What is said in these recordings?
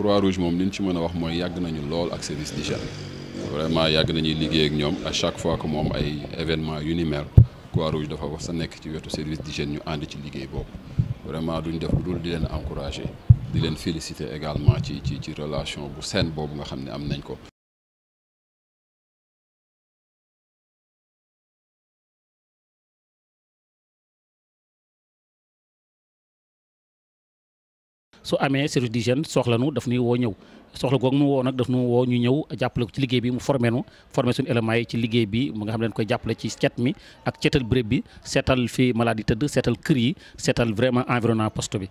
croix rouge moom li ñu ci mën a wax mooy yàgg nañu lool ak service d'hygiène vraiment yàgg nañuy liggéey ak ñoom à chaque fois que moom ay événement yu ni mel croix rouge dafa wax sa nekk ci wetu service di d'hygiène ñu ànd ci liggéey boobu vraiment duñ def lu dul di leen encourager di leen féliciter également ci ci ci relation bu seen boobu nga xam ne am nañ ko. su amee service d'hygiène soxla nu daf nuy woo ñëw soxla googu mu woo nag daf nu woo ñu ñëw jàppale ko ci liggéey bi mu formé nu formé suñu éléments yi ci liggéey bi mu nga xam ne dañ koy jàppale ci cet mi ak cetal béréb bi seetal fi malade yi tëdd seetal kër yi seetal vraiment environnement poste bi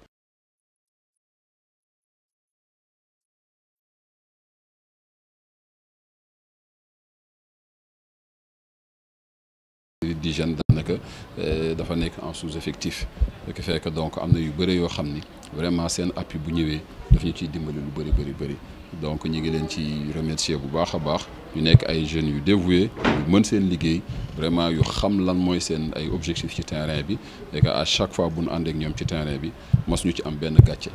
d'hygiène daanaka euh, dafa nekk en sous-effectif ce qui que donc am na yu bëri yoo xam ni vraiment seen appi bu ñëwee daf ñu ciy dimbali lu bëri bëri bëri donc ñu ngi leen ci remercier bu baax a baax ñu nekk ay jeunes yu dévoués yu mën seen liggéey vraiment yu xam lan mooy seen ay objectif ci terrain bi et à chaque fois bu ñu àndeek ñoom ci terrain bi mos ñu ci am benn gàcce.